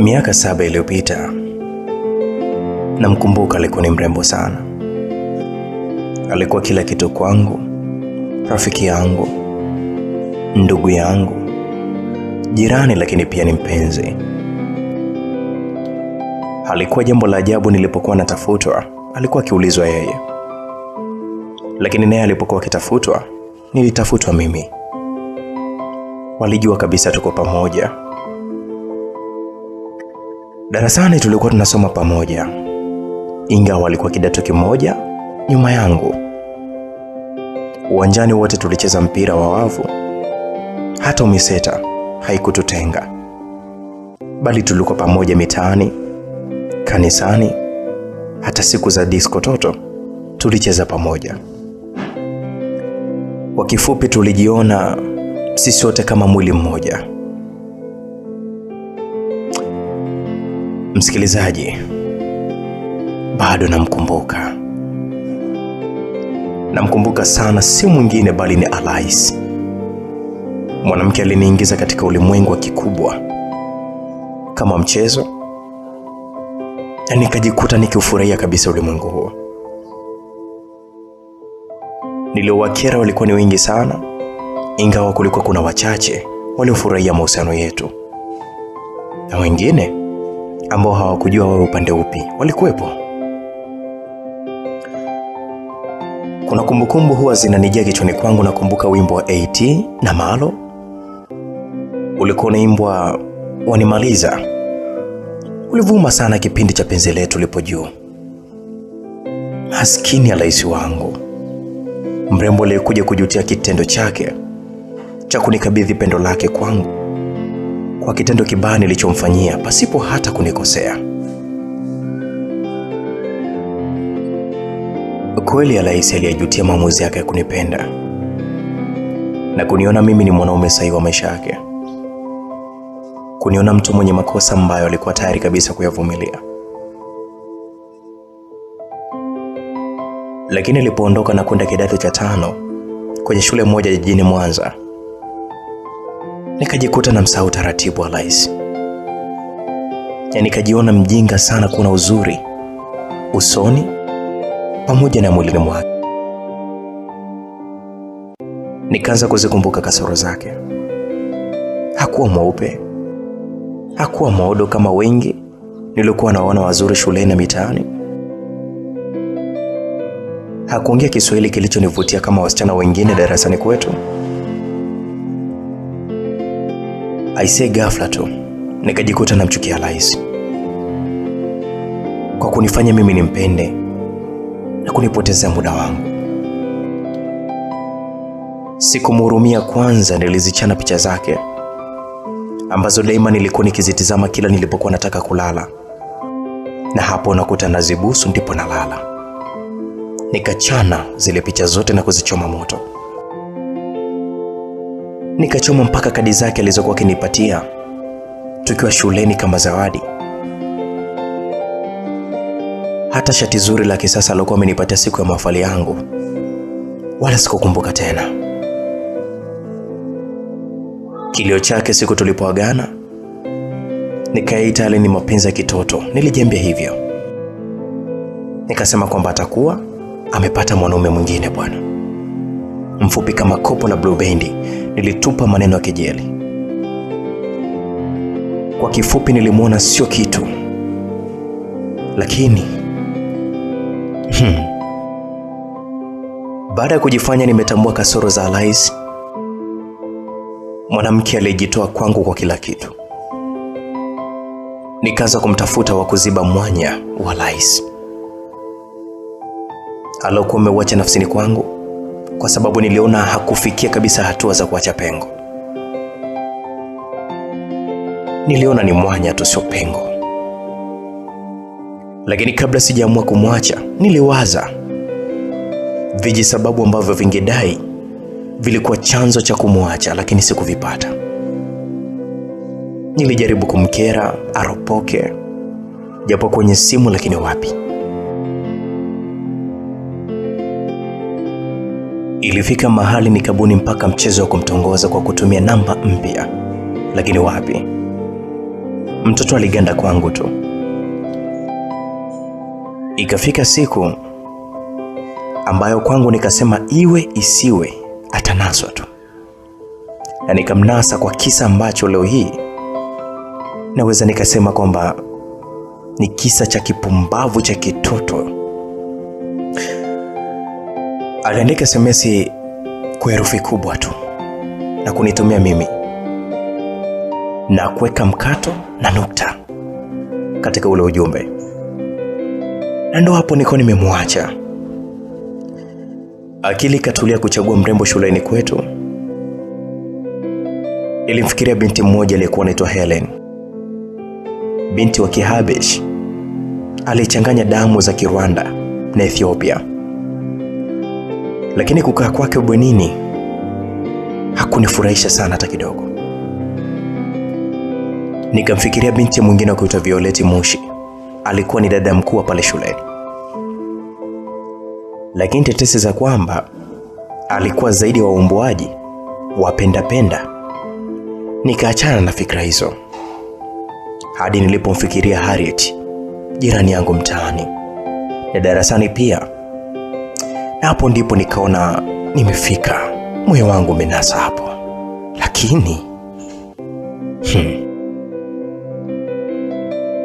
Miaka saba iliyopita, namkumbuka. Alikuwa ni mrembo sana, alikuwa kila kitu kwangu, rafiki yangu, ndugu yangu, jirani, lakini pia ni mpenzi. Alikuwa jambo la ajabu, nilipokuwa natafutwa alikuwa akiulizwa yeye, lakini naye alipokuwa akitafutwa nilitafutwa mimi. Walijua kabisa tuko pamoja Darasani tulikuwa tunasoma pamoja, ingawa alikuwa kidato kimoja nyuma yangu. Uwanjani wote tulicheza mpira wa wavu, hata umiseta haikututenga, bali tulikuwa pamoja mitaani, kanisani, hata siku za disco toto tulicheza pamoja. Kwa kifupi, tulijiona sisi wote kama mwili mmoja. Msikilizaji, bado namkumbuka, namkumbuka sana, si mwingine bali ni alais mwanamke aliniingiza katika ulimwengu wa kikubwa kama mchezo, na nikajikuta nikiufurahia kabisa ulimwengu huo. Niliowakera walikuwa ni wengi sana, ingawa kulikuwa kuna wachache waliofurahia mahusiano yetu na wengine ambao hawakujua wewe upande upi, walikuwepo. Kuna kumbukumbu huwa zinanijia kichwani kwangu. Nakumbuka wimbo wa AT na Malo ulikuwa unaimbwa wanimaliza, ulivuma sana kipindi cha penzi letu lipo juu. Maskini ya rahisi wangu mrembo aliyekuja kujutia kitendo chake cha kunikabidhi pendo lake kwangu kwa kitendo kibaya nilichomfanyia pasipo hata kunikosea. Kweli Alaisi aliyejutia maamuzi yake ya kunipenda na kuniona mimi ni mwanaume sahihi wa maisha yake, kuniona mtu mwenye makosa ambayo alikuwa tayari kabisa kuyavumilia. Lakini alipoondoka na kwenda kidato cha tano kwenye shule moja jijini Mwanza, nikajikuta na msahau taratibu halisi, na nikajiona mjinga sana kuona uzuri usoni pamoja na mwilini mwake. Nikaanza kuzikumbuka kasoro zake. Hakuwa mweupe, hakuwa modo kama wengi niliokuwa nawaona wazuri shuleni na mitaani. Hakuongea Kiswahili kilichonivutia kama wasichana wengine darasani kwetu. aisee, ghafla tu nikajikuta namchukia rais kwa kunifanya mimi nimpende na kunipotezea muda wangu. Sikumhurumia kwanza, nilizichana picha zake ambazo daima nilikuwa nikizitizama kila nilipokuwa nataka kulala, na hapo nakuta nazibusu, ndipo nalala. Nikachana zile picha zote na kuzichoma moto nikachoma mpaka kadi zake alizokuwa akinipatia tukiwa shuleni kama zawadi. Hata shati zuri la kisasa alokuwa amenipatia siku ya mafali yangu, wala sikukumbuka tena. Kilio chake siku tulipoagana nikaita ale ni mapenzi ya kitoto, nilijiambia hivyo, nikasema kwamba atakuwa amepata mwanaume mwingine bwana mfupi kama kopo la blue bendi nilitupa maneno ya kejeli. Kwa kifupi, nilimwona sio kitu, lakini hmm. Baada ya kujifanya nimetambua kasoro za Alice, mwanamke aliyejitoa kwangu kwa kila kitu, nikaanza kumtafuta wa kuziba mwanya wa Alice aliokuwa ameuacha nafsini kwangu kwa sababu niliona hakufikia kabisa hatua za kuacha pengo. Niliona ni mwanya tu, sio pengo. Lakini kabla sijaamua kumwacha, niliwaza viji sababu ambavyo vingedai vilikuwa chanzo cha kumwacha, lakini sikuvipata. Nilijaribu kumkera aropoke, japo kwenye simu, lakini wapi. Ilifika mahali nikabuni mpaka mchezo wa kumtongoza kwa kutumia namba mpya, lakini wapi, mtoto aliganda kwangu tu. Ikafika siku ambayo kwangu nikasema iwe isiwe, atanaswa tu, na nikamnasa kwa kisa ambacho leo hii naweza nikasema kwamba ni kisa cha kipumbavu cha kitoto Aliandika SMS kwa herufi kubwa tu na kunitumia mimi na kuweka mkato na nukta katika ule ujumbe, na ndo hapo niko nimemwacha. Akili ikatulia kuchagua mrembo shuleni kwetu. Ilimfikiria binti mmoja aliyekuwa anaitwa Helen, binti wa Kihabesh aliyechanganya damu za Kirwanda na Ethiopia lakini kukaa kwake bwenini hakunifurahisha sana hata kidogo. Nikamfikiria binti mwingine wa kuitwa Violeti Mushi, alikuwa ni dada mkuu pale shuleni, lakini tetesi za kwamba alikuwa zaidi ya wa wapenda wapendapenda, nikaachana na fikra hizo hadi nilipomfikiria Harriet, jirani yangu mtaani na darasani pia na hapo ndipo nikaona nimefika, moyo wangu umenasa hapo, lakini hmm.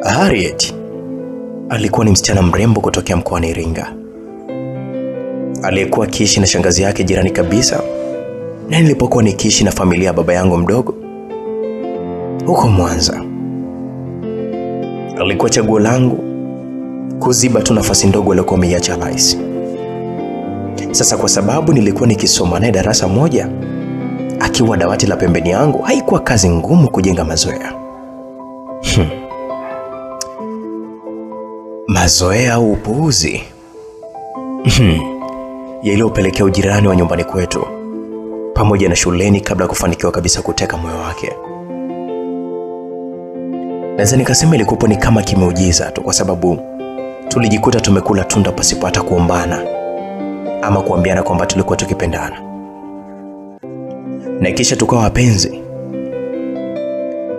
Harriet alikuwa ni msichana mrembo kutokea mkoani Iringa aliyekuwa akiishi na shangazi yake jirani kabisa, na nilipokuwa nikiishi na familia ya baba yangu mdogo huko Mwanza, alikuwa chaguo langu kuziba tu nafasi ndogo aliyokuwa ameiacha Rais. Sasa kwa sababu nilikuwa nikisoma naye darasa moja akiwa dawati la pembeni yangu, haikuwa kazi ngumu kujenga mazoea hmm. Mazoea au upuuzi hmm. yaliyopelekea ujirani wa nyumbani kwetu pamoja na shuleni kabla ya kufanikiwa kabisa kuteka moyo wake. Naweza nikasema ilikuwa ni kama kimeujiza tu, kwa sababu tulijikuta tumekula tunda pasipo hata kuombana ama kuambiana kwamba tulikuwa tukipendana na kisha tukawa wapenzi.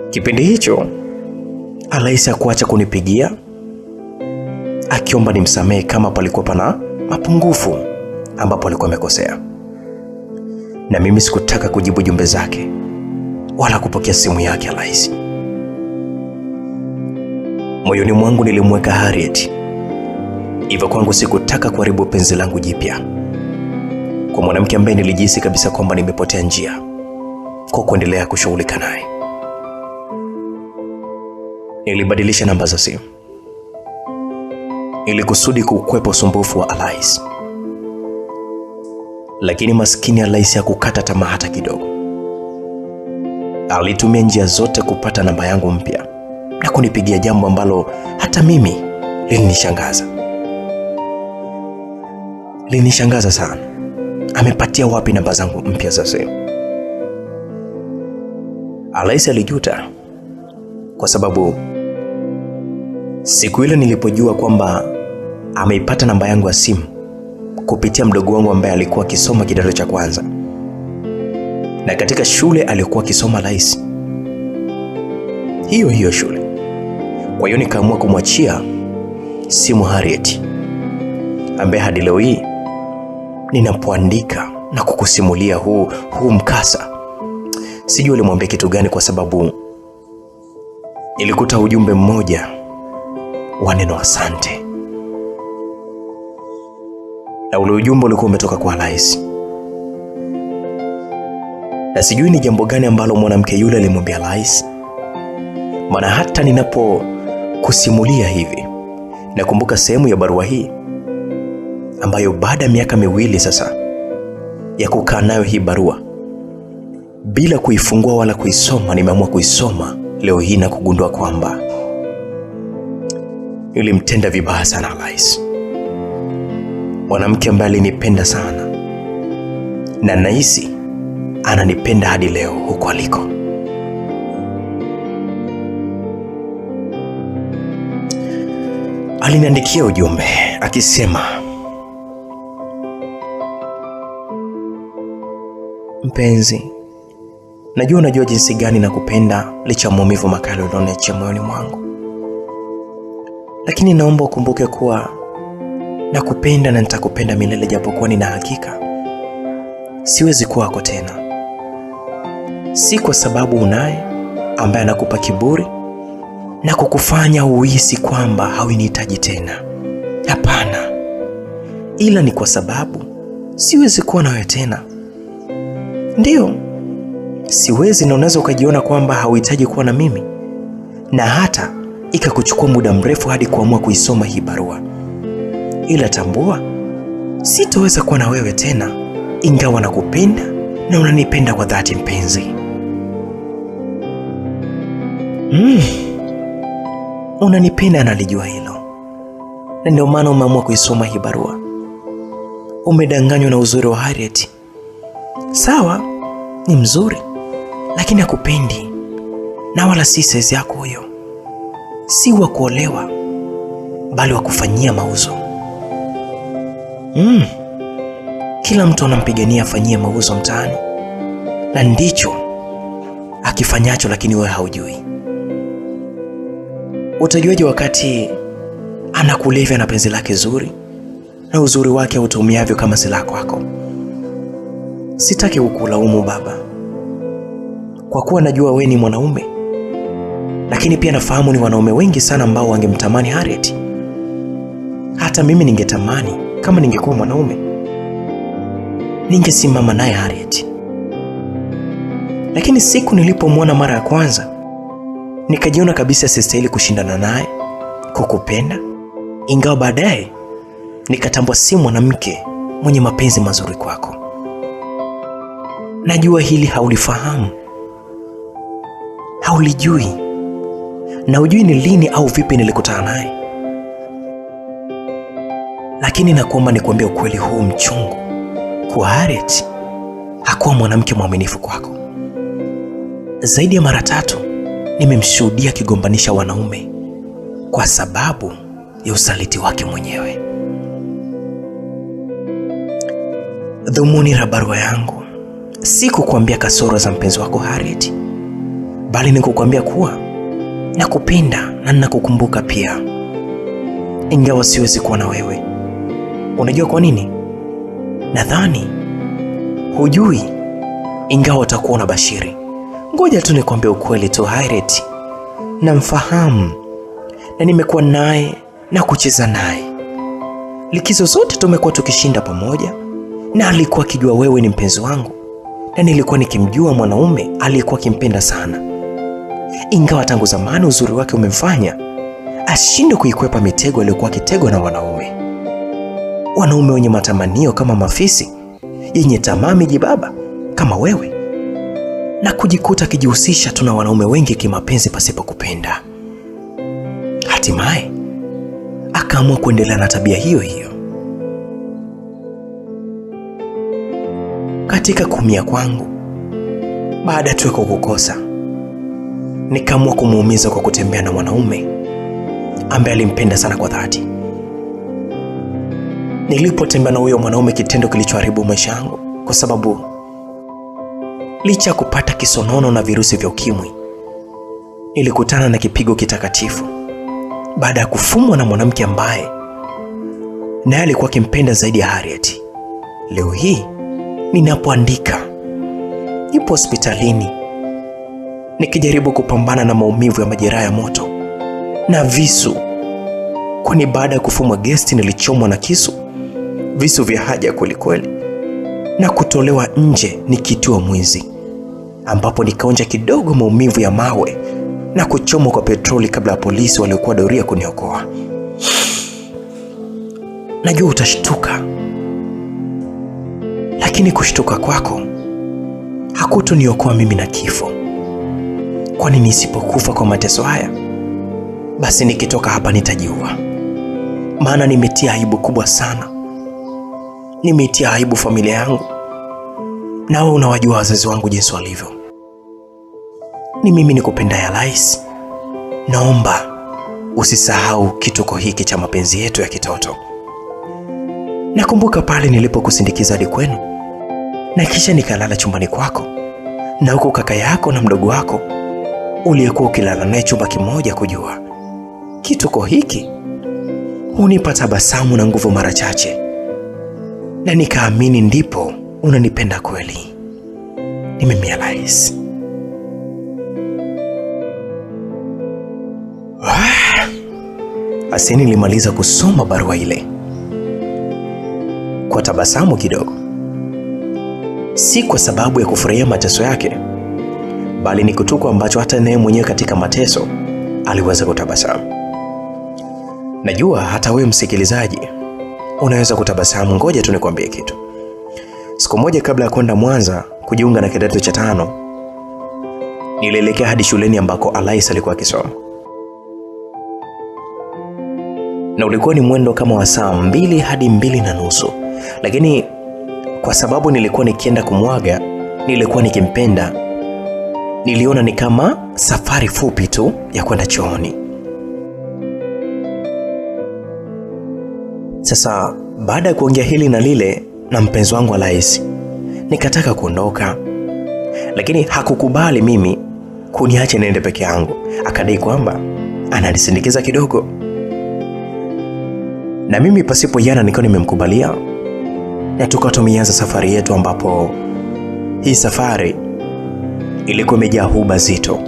Kipindi hicho Alaisa kuacha kunipigia akiomba nimsamehe kama palikuwa pana mapungufu ambapo alikuwa amekosea, na mimi sikutaka kujibu jumbe zake wala kupokea simu yake Alaisi. Moyoni mwangu nilimweka Harriet Hivyo kwangu sikutaka kuharibu penzi langu jipya kwa mwanamke ambaye nilijihisi kabisa kwamba nimepotea njia kwa kuendelea kushughulika naye. Nilibadilisha namba za simu ili kusudi kukwepa usumbufu wa alais lakini maskini Alais hakukata tamaa hata kidogo. Alitumia njia zote kupata namba yangu mpya na kunipigia, jambo ambalo hata mimi lilinishangaza linishangaza sana. Amepatia wapi namba zangu mpya za simu? Alaisi alijuta kwa sababu siku ile nilipojua kwamba ameipata namba yangu ya simu kupitia mdogo wangu ambaye alikuwa akisoma kidato cha kwanza, na katika shule alikuwa akisoma rais hiyo hiyo shule. Kwa hiyo nikaamua kumwachia simu Harriet ambaye hadi leo hii ninapoandika na kukusimulia huu, huu mkasa, sijui ulimwambia kitu gani, kwa sababu ilikuta ujumbe mmoja wa neno asante, na ule ujumbe ulikuwa umetoka kwa Rais, na sijui ni jambo gani ambalo mwanamke yule alimwambia Rais, maana hata ninapokusimulia hivi nakumbuka sehemu ya barua hii ambayo baada ya miaka miwili sasa ya kukaa nayo hii barua bila kuifungua wala kuisoma, nimeamua kuisoma leo hii na kugundua kwamba nilimtenda vibaya sana Alice, mwanamke ambaye alinipenda sana na nahisi ananipenda hadi leo huko aliko. Aliniandikia ujumbe akisema Mpenzi, najua unajua jinsi gani na kupenda licha maumivu makali ulioniachia moyoni mwangu, lakini naomba ukumbuke kuwa nakupenda na nitakupenda milele, japokuwa nina hakika siwezi kuwako tena, si kwa sababu unaye ambaye anakupa kiburi na kukufanya uhisi kwamba hauinihitaji tena. Hapana, ila ni kwa sababu siwezi kuwa nawe tena Ndiyo, siwezi na unaweza ukajiona kwamba hauhitaji kuwa na mimi na hata ikakuchukua muda mrefu hadi kuamua kuisoma hii barua, ila tambua, sitoweza kuwa na wewe tena, ingawa nakupenda na unanipenda kwa dhati, mpenzi. Mm, unanipenda nalijua hilo, na ndio maana umeamua kuisoma hii barua. Umedanganywa na uzuri wa Harriet sawa, ni mzuri lakini akupendi na wala si sezi yako. Huyo si wa kuolewa, bali wa kufanyia mauzo. Mm, kila mtu anampigania afanyie mauzo mtaani, na ndicho akifanyacho, lakini wewe haujui. Utajuaje wakati anakulevya na penzi lake zuri na uzuri wake autumiavyo kama silaha kwako? sitaki kukulaumu baba, kwa kuwa najua we ni mwanaume, lakini pia nafahamu ni wanaume wengi sana ambao wangemtamani Harriet. Hata mimi ningetamani kama ningekuwa mwanaume ningesimama naye Harriet. Lakini siku nilipomwona mara ya kwanza, nikajiona kabisa sistahili kushindana naye kukupenda, ingawa baadaye nikatambua si mwanamke mwenye mapenzi mazuri kwako. Najua hili haulifahamu, haulijui na ujui ni lini au vipi nilikutana naye, lakini nakuomba nikuambia ukweli huu mchungu kuwa Harriet hakuwa mwanamke mwaminifu kwako. Zaidi ya mara tatu nimemshuhudia akigombanisha wanaume kwa sababu ya usaliti wake mwenyewe. Dhumuni la barua yangu si kukuambia kasoro za mpenzi wako Harriet, bali ni kukuambia kuwa nakupenda na ninakukumbuka pia, ingawa siwezi kuwa na wewe. Unajua kwa nini? Nadhani hujui, ingawa utakuwa na bashiri Ngoja tu nikwambie ukweli tu, Harriet namfahamu na nimekuwa naye na kucheza naye likizo zote, tumekuwa tukishinda pamoja, na alikuwa akijua wewe ni mpenzi wangu na nilikuwa nikimjua mwanaume aliyekuwa akimpenda sana, ingawa tangu zamani uzuri wake umemfanya ashinde kuikwepa mitego aliyokuwa akitegwa na wanaume, wanaume wenye matamanio kama mafisi, yenye tamaa mijibaba kama wewe, na kujikuta akijihusisha tu na wanaume wengi kimapenzi pasipo kupenda. Hatimaye akaamua kuendelea na tabia hiyo hiyo. katika kumia kwangu baada tu ya kukukosa, nikaamua kumuumiza kwa kutembea na mwanaume ambaye alimpenda sana kwa dhati. Nilipotembea na huyo mwanaume, kitendo kilichoharibu maisha yangu, kwa sababu licha ya kupata kisonono na virusi vya ukimwi, nilikutana na kipigo kitakatifu baada ya kufumwa na mwanamke ambaye naye alikuwa akimpenda zaidi ya Harriet. Leo hii ninapoandika. Nipo hospitalini nikijaribu kupambana na maumivu ya majeraha ya moto na visu, kwani baada ya kufumwa gesti nilichomwa na kisu, visu vya haja kwelikweli, na kutolewa nje nikitiwa mwizi, ambapo nikaonja kidogo maumivu ya mawe na kuchomwa kwa petroli kabla ya polisi waliokuwa doria kuniokoa. Najua utashtuka lakini kushtuka kwako niokoa mimi na kifo, kwani nisipokufa kwa mateso haya, basi nikitoka hapa nitajiua, maana nimetia aibu kubwa sana, nimetia aibu familia yangu, nawe unawajua wazazi wangu jinsi walivyo. Ni mimi nikupenda ya rais, naomba usisahau kituko hiki cha mapenzi yetu ya kitoto. Nakumbuka pale nilipokusindikiza hadi kwenu na kisha nikalala chumbani kwako na huko kaka yako na mdogo wako uliyekuwa ukilala naye chumba kimoja kujua kituko hiki hunipa tabasamu na nguvu mara chache, na nikaamini ndipo unanipenda kweli. Nimerealize aseni ilimaliza kusoma barua ile kwa tabasamu kidogo si kwa sababu ya kufurahia mateso yake, bali ni kituko ambacho hata naye mwenyewe katika mateso aliweza kutabasamu. Najua hata wewe msikilizaji unaweza kutabasamu. Ngoja tu nikwambie kitu. Siku moja kabla ya kwenda Mwanza kujiunga na kidato cha tano, nilielekea hadi shuleni ambako Alais alikuwa akisoma, na ulikuwa ni mwendo kama wa saa mbili hadi mbili na nusu, lakini kwa sababu nilikuwa nikienda kumwaga, nilikuwa nikimpenda, niliona ni kama safari fupi tu ya kwenda chooni. Sasa baada ya kuongea hili na lile na mpenzi wangu Alaisi, nikataka kuondoka, lakini hakukubali mimi kuniache niende peke yangu. Akadai kwamba ananisindikiza kidogo, na mimi pasipo yana nikawa nimemkubalia na tukawa tumeanza safari yetu, ambapo hii safari ilikuwa imejaa huba zito,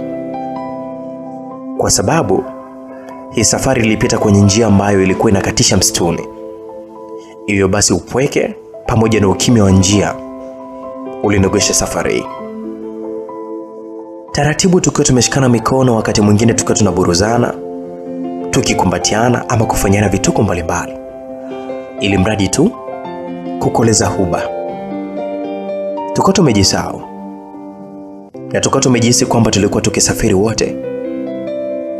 kwa sababu hii safari ilipita kwenye njia ambayo ilikuwa inakatisha msituni. Hivyo basi, upweke pamoja na ukimya wa njia ulinogesha safari Taratibu tukiwa tumeshikana mikono, wakati mwingine tukiwa tunaburuzana, tukikumbatiana ama kufanyana vituko mbalimbali, ili mradi tu kukoleza huba. Tuko tumejisahau na tuko tumejihisi kwamba tulikuwa tukisafiri wote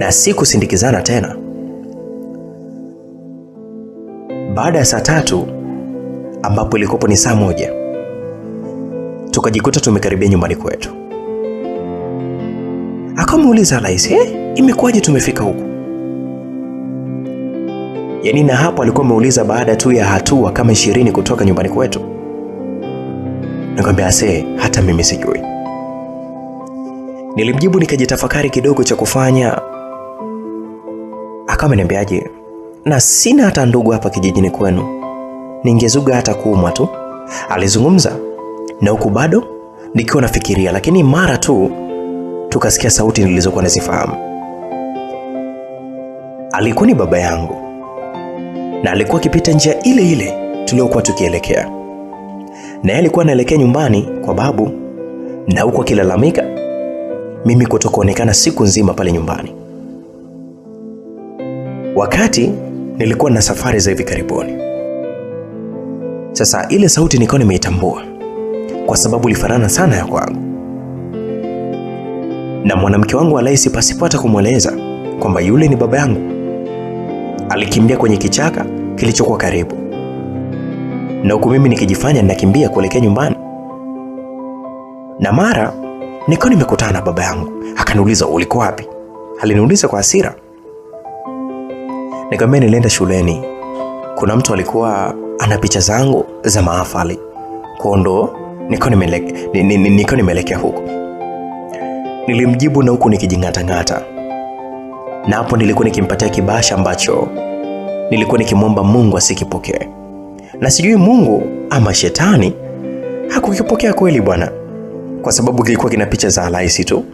na si kusindikizana tena. Baada ya saa tatu ambapo ilikuwapo ni saa moja, tukajikuta tumekaribia nyumbani kwetu. Akamuuliza Laisi, eh, imekuwaje tumefika huku? yaani, na hapo alikuwa ameuliza baada tu ya hatua kama ishirini kutoka nyumbani kwetu. Nikamwambia asee, hata mimi sijui. Nilimjibu nikajitafakari kidogo cha kufanya, akawa ameniambiaje, na sina hata ndugu hapa kijijini kwenu, ningezuga hata kuumwa tu, alizungumza na huku bado nikiwa nafikiria, lakini mara tu tukasikia sauti nilizokuwa nazifahamu. Alikuwa ni baba yangu na alikuwa akipita njia ile ile tuliokuwa tukielekea, naye alikuwa anaelekea nyumbani kwa babu, na huko akilalamika mimi kutokuonekana siku nzima pale nyumbani, wakati nilikuwa na safari za hivi karibuni. Sasa ile sauti nilikuwa nimeitambua kwa sababu ilifanana sana ya kwangu, na mwanamke wangu alaisi pasipata kumweleza kwamba yule ni baba yangu alikimbia kwenye kichaka kilichokuwa karibu, na huku mimi nikijifanya ninakimbia kuelekea nyumbani, na mara nikawa nimekutana na baba yangu. Akaniuliza, uliko wapi? Aliniuliza kwa hasira, nikamwambia nilienda shuleni, kuna mtu alikuwa ana picha zangu za maafali kondo, nikawa nimeelekea huko. Nilimjibu na huku nikijing'atang'ata na hapo nilikuwa nikimpatia kibasha ambacho nilikuwa nikimwomba Mungu asikipokee, na sijui Mungu ama shetani hakukipokea kweli bwana, kwa sababu kilikuwa kina picha za halaisi tu,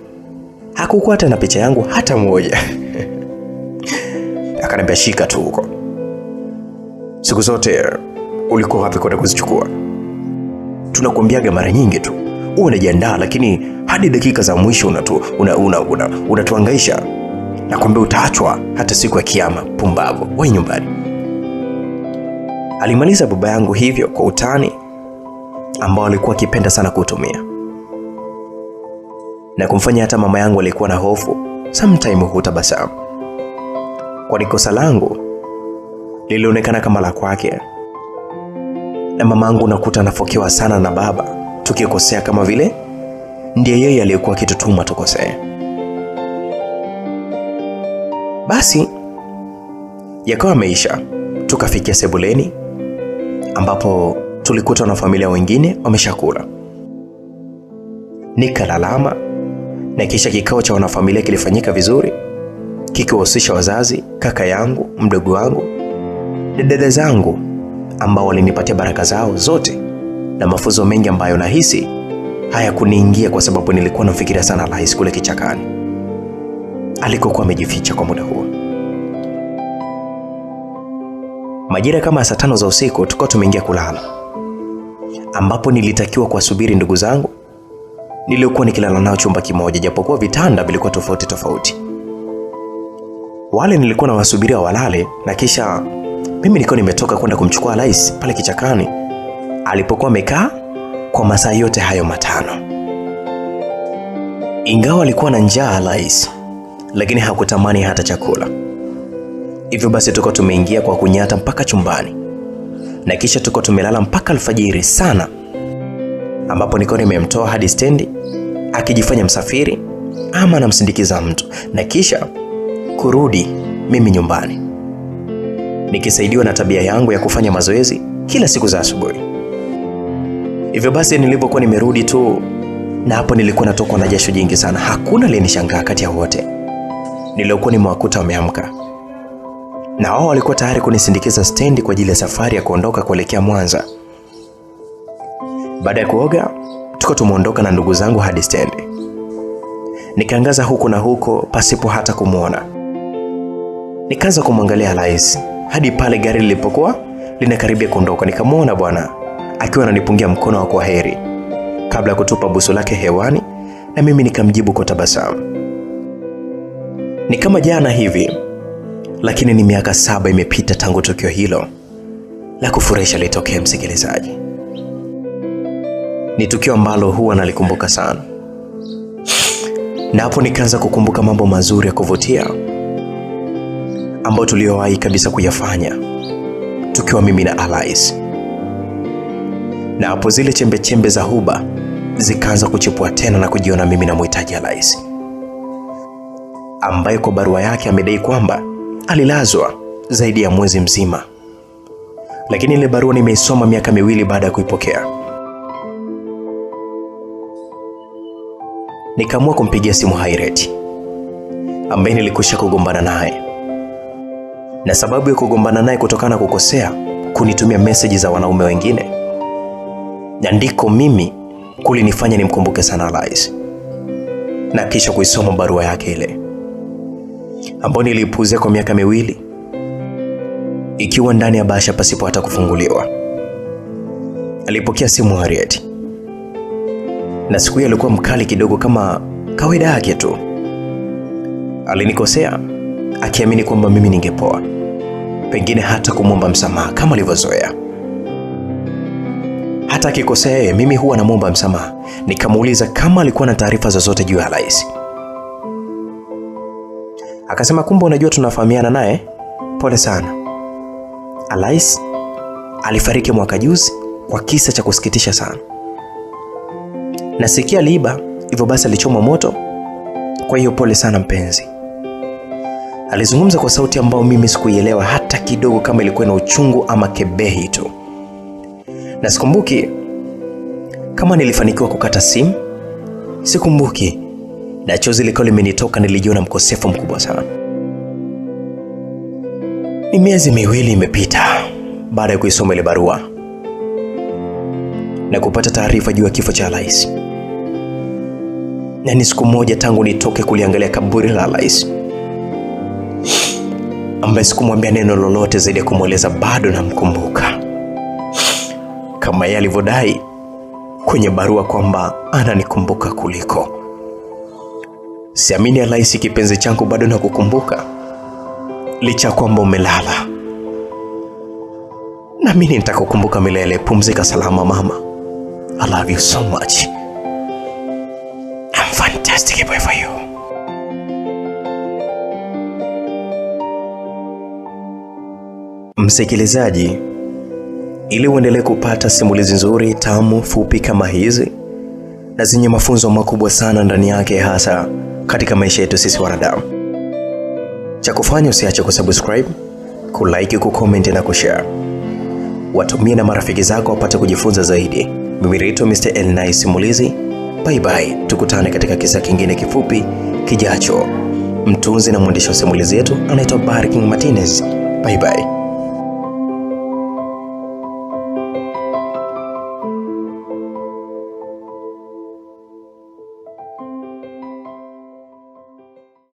hakukuwa hata na picha yangu hata moja. Akaniambia shika tu huko, siku zote ulikuwa wapi kwenda kuzichukua? Tunakuambiaga mara nyingi tu unajiandaa, lakini hadi dakika za mwisho unatuhangaisha una, una, una, una na kwamba utaachwa hata siku ya Kiyama, pumbavu wewe nyumbani. Alimaliza baba yangu hivyo kwa utani ambao alikuwa akipenda sana kutumia na kumfanya hata mama yangu alikuwa na hofu sometime hutabasamu, kwani kosa langu lilionekana kama la kwake. Na mama yangu nakuta anafokewa sana na baba tukikosea, kama vile ndiye yeye aliyekuwa akitutuma tukosee. Basi yakawa ameisha, tukafikia sebuleni ambapo tulikuta wanafamilia wengine wameshakula, nikalalama na kisha kikao cha wanafamilia kilifanyika vizuri, kikiwahusisha wazazi, kaka yangu, mdogo wangu na dada zangu ambao walinipatia baraka zao zote na mafunzo mengi ambayo nahisi hayakuniingia kwa sababu nilikuwa nafikiria sana la hisi kule kichakani alikokuwa amejificha kwa muda huo. Majira kama ya saa tano za usiku tukawa tumeingia kulala, ambapo nilitakiwa kuwasubiri ndugu zangu niliokuwa nikilala nao chumba kimoja, japokuwa vitanda vilikuwa tofauti tofauti. Wale nilikuwa nawasubiria walale, na kisha mimi nilikuwa nimetoka kwenda kumchukua Rais pale kichakani alipokuwa amekaa kwa masaa yote hayo matano. Ingawa alikuwa na njaa Rais, lakini hakutamani hata chakula. Hivyo basi tuko tumeingia kwa kunyata mpaka chumbani na kisha tuko tumelala mpaka alfajiri sana, ambapo niko nimemtoa hadi stendi akijifanya msafiri ama anamsindikiza mtu, na kisha kurudi mimi nyumbani nikisaidiwa na tabia yangu ya kufanya mazoezi kila siku za asubuhi. Hivyo basi nilivyokuwa nimerudi tu, na hapo nilikuwa natokwa na jasho jingi sana. Hakuna aliyenishangaa kati ya wote niliokuwa nimewakuta wameamka, na wao walikuwa tayari kunisindikiza stendi kwa ajili ya safari ya kuondoka kuelekea Mwanza. Baada ya kuoga, tuko tumeondoka na ndugu zangu hadi stendi. Nikaangaza huku na huko pasipo hata kumwona. Nikaanza kumwangalia Rais hadi pale gari lilipokuwa linakaribia kuondoka, nikamwona bwana akiwa ananipungia mkono wa kwaheri kabla ya kutupa busu lake hewani, na mimi nikamjibu kwa tabasamu. Ni kama jana hivi, lakini ni miaka saba imepita tangu tukio hilo la kufurahisha litokee. Msikilizaji, ni tukio ambalo huwa nalikumbuka sana, na hapo nikaanza kukumbuka mambo mazuri ya kuvutia ambayo tuliyowahi kabisa kuyafanya tukiwa mimi na alais na hapo zile chembe chembe za huba zikaanza kuchipua tena na kujiona mimi na muhitaji alais ambaye kwa barua yake amedai kwamba alilazwa zaidi ya mwezi mzima, lakini ile barua nimeisoma miaka miwili baada ya kuipokea. Nikaamua kumpigia simu Hairet ambaye nilikwisha kugombana naye, na sababu ya kugombana naye kutokana na kukosea kunitumia meseji za wanaume wengine, na ndiko mimi kulinifanya nimkumbuke sana Alice na kisha kuisoma barua yake ile ambao nilipuzia kwa miaka miwili ikiwa ndani ya bahasha pasipo hata kufunguliwa. Alipokea simu Harriet, na siku hiyo alikuwa mkali kidogo kama kawaida yake tu. Alinikosea akiamini kwamba mimi ningepoa, pengine hata kumwomba msamaha kama alivyozoea. Hata akikosea yeye, mimi huwa namwomba msamaha. Nikamuuliza kama alikuwa na taarifa zozote juu ya Halisi. Akasema kumbe unajua tunafahamiana naye, pole sana. alais alifariki mwaka juzi kwa kisa cha kusikitisha sana. Nasikia aliiba, hivyo basi alichomwa moto. Kwa hiyo pole sana mpenzi. Alizungumza kwa sauti ambayo mimi sikuielewa hata kidogo, kama ilikuwa na uchungu ama kebehi tu, na sikumbuki kama nilifanikiwa kukata simu, sikumbuki na chozi likawa limenitoka, nilijiona mkosefu mkubwa sana. Ni miezi miwili imepita baada ya kuisoma ile barua na kupata taarifa juu ya kifo cha rais, na ni siku moja tangu nitoke kuliangalia kaburi la rais, ambaye sikumwambia neno lolote zaidi ya kumweleza bado namkumbuka kama yeye alivyodai kwenye barua kwamba ananikumbuka kuliko Siamini alaisi kipenzi changu bado na kukumbuka licha kwamba umelala, na mimi nitakukumbuka milele. Pumzika salama mama, I love you so much. I'm fantastic boy for you. Msikilizaji, ili uendelee kupata simulizi nzuri, tamu, fupi kama hizi na zenye mafunzo makubwa sana ndani yake hasa katika maisha yetu sisi wanadamu. Cha kufanya usiache kusubscribe, kulike, kucomment na kushare. Watumie na marafiki zako wapate kujifunza zaidi. Mimi naitwa Mr. Elnai Simulizi. Bye bye, tukutane katika kisa kingine kifupi kijacho. Mtunzi na mwandishi wa simulizi yetu anaitwa Barking Martinez. Bye bye.